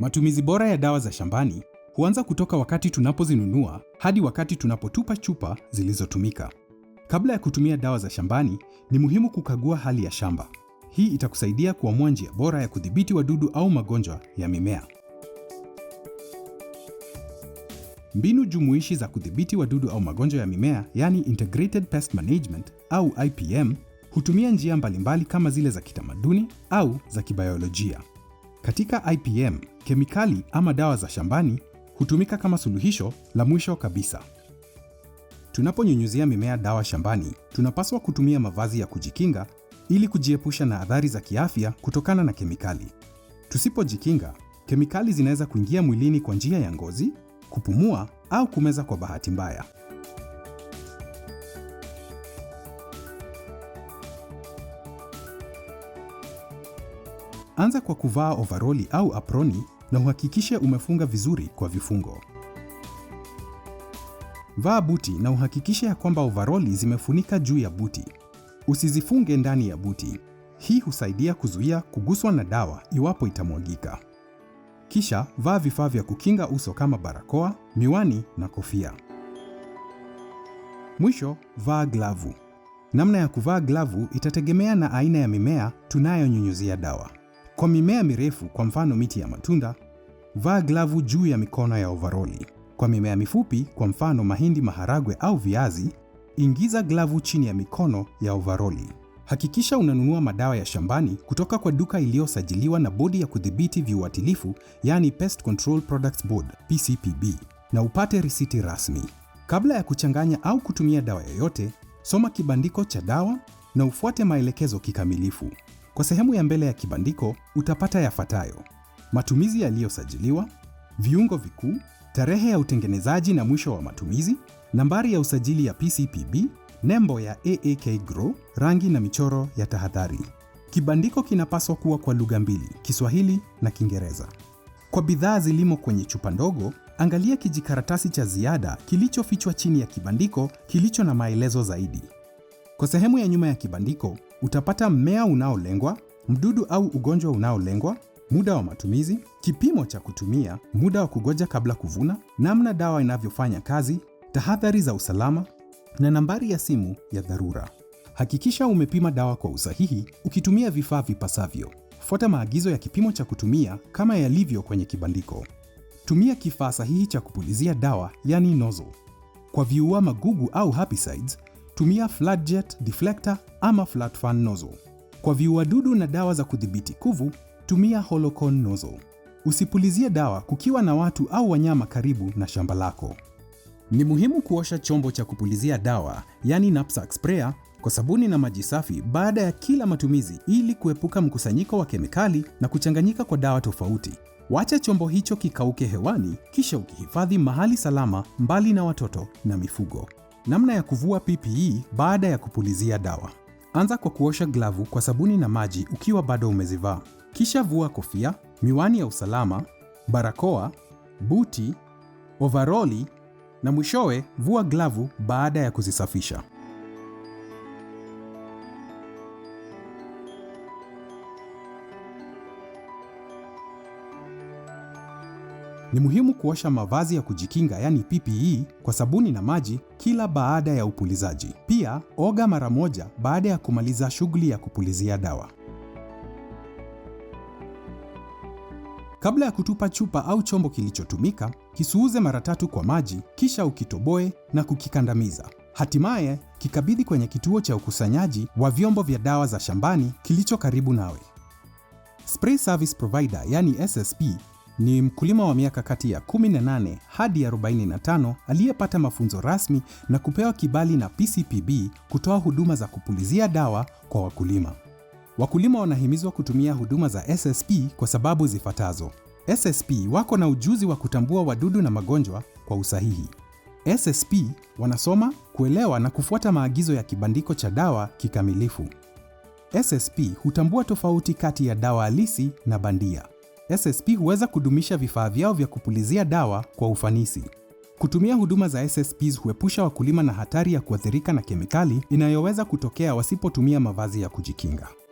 Matumizi bora ya dawa za shambani huanza kutoka wakati tunapozinunua hadi wakati tunapotupa chupa zilizotumika. Kabla ya kutumia dawa za shambani, ni muhimu kukagua hali ya shamba. Hii itakusaidia kuamua njia bora ya kudhibiti wadudu au magonjwa ya mimea. Mbinu jumuishi za kudhibiti wadudu au magonjwa ya mimea, yani integrated pest management au IPM, hutumia njia mbalimbali kama zile za kitamaduni au za kibayolojia. Katika IPM, Kemikali ama dawa za shambani hutumika kama suluhisho la mwisho kabisa. Tunaponyunyuzia mimea dawa shambani, tunapaswa kutumia mavazi ya kujikinga ili kujiepusha na athari za kiafya kutokana na kemikali. Tusipojikinga, kemikali zinaweza kuingia mwilini kwa njia ya ngozi, kupumua au kumeza kwa bahati mbaya. Anza kwa kuvaa ovaroli au aproni na uhakikishe umefunga vizuri kwa vifungo. Vaa buti na uhakikishe ya kwamba ovaroli zimefunika juu ya buti. Usizifunge ndani ya buti. Hii husaidia kuzuia kuguswa na dawa iwapo itamwagika. Kisha vaa vifaa vya kukinga uso kama barakoa, miwani na kofia. Mwisho, vaa glavu. Namna ya kuvaa glavu itategemea na aina ya mimea tunayonyunyuzia dawa. Kwa mimea mirefu, kwa mfano miti ya matunda, vaa glavu juu ya mikono ya ovaroli. Kwa mimea mifupi, kwa mfano mahindi, maharagwe au viazi, ingiza glavu chini ya mikono ya ovaroli. Hakikisha unanunua madawa ya shambani kutoka kwa duka iliyosajiliwa na Bodi ya Kudhibiti Viuatilifu, yani Pest Control Products Board PCPB, na upate risiti rasmi. Kabla ya kuchanganya au kutumia dawa yoyote, soma kibandiko cha dawa na ufuate maelekezo kikamilifu. Kwa sehemu ya mbele ya kibandiko utapata yafuatayo: matumizi yaliyosajiliwa, viungo vikuu, tarehe ya utengenezaji na mwisho wa matumizi, nambari ya usajili ya PCPB, nembo ya AAK Grow, rangi na michoro ya tahadhari. Kibandiko kinapaswa kuwa kwa lugha mbili, Kiswahili na Kiingereza. Kwa bidhaa zilimo kwenye chupa ndogo, angalia kijikaratasi cha ziada kilichofichwa chini ya kibandiko kilicho na maelezo zaidi. Kwa sehemu ya nyuma ya kibandiko utapata mmea unaolengwa, mdudu au ugonjwa unaolengwa, muda wa matumizi, kipimo cha kutumia, muda wa kugoja kabla kuvuna, namna dawa inavyofanya kazi, tahadhari za usalama na nambari ya simu ya dharura. Hakikisha umepima dawa kwa usahihi ukitumia vifaa vipasavyo. Fuata maagizo ya kipimo cha kutumia kama yalivyo kwenye kibandiko. Tumia kifaa sahihi cha kupulizia dawa, yani nozzle. Kwa viua magugu au herbicides, tumia jet deflector ama flat fan nozzle. Kwa viuadudu na dawa za kudhibiti kuvu, tumia cone nozzle. Usipulizie dawa kukiwa na watu au wanyama karibu na shamba lako. Ni muhimu kuosha chombo cha kupulizia dawa, yani knapsack sprayer, kwa sabuni na maji safi baada ya kila matumizi ili kuepuka mkusanyiko wa kemikali na kuchanganyika kwa dawa tofauti. Wacha chombo hicho kikauke hewani kisha ukihifadhi mahali salama mbali na watoto na mifugo. Namna ya kuvua PPE baada ya kupulizia dawa. Anza kwa kuosha glavu kwa sabuni na maji ukiwa bado umezivaa. Kisha vua kofia, miwani ya usalama, barakoa, buti, ovaroli na mwishowe vua glavu baada ya kuzisafisha. Ni muhimu kuosha mavazi ya kujikinga yani PPE kwa sabuni na maji kila baada ya upulizaji. Pia oga mara moja baada ya kumaliza shughuli ya kupulizia dawa. Kabla ya kutupa chupa au chombo kilichotumika, kisuuze mara tatu kwa maji, kisha ukitoboe na kukikandamiza. Hatimaye kikabidhi kwenye kituo cha ukusanyaji wa vyombo vya dawa za shambani kilicho karibu nawe. Spray Service Provider yani SSP ni mkulima wa miaka kati ya 18 hadi 45 aliyepata mafunzo rasmi na kupewa kibali na PCPB kutoa huduma za kupulizia dawa kwa wakulima. Wakulima wanahimizwa kutumia huduma za SSP kwa sababu zifuatazo. SSP wako na ujuzi wa kutambua wadudu na magonjwa kwa usahihi. SSP wanasoma, kuelewa na kufuata maagizo ya kibandiko cha dawa kikamilifu. SSP hutambua tofauti kati ya dawa halisi na bandia. SSP huweza kudumisha vifaa vyao vya kupulizia dawa kwa ufanisi. Kutumia huduma za SSPs huepusha wakulima na hatari ya kuathirika na kemikali inayoweza kutokea wasipotumia mavazi ya kujikinga.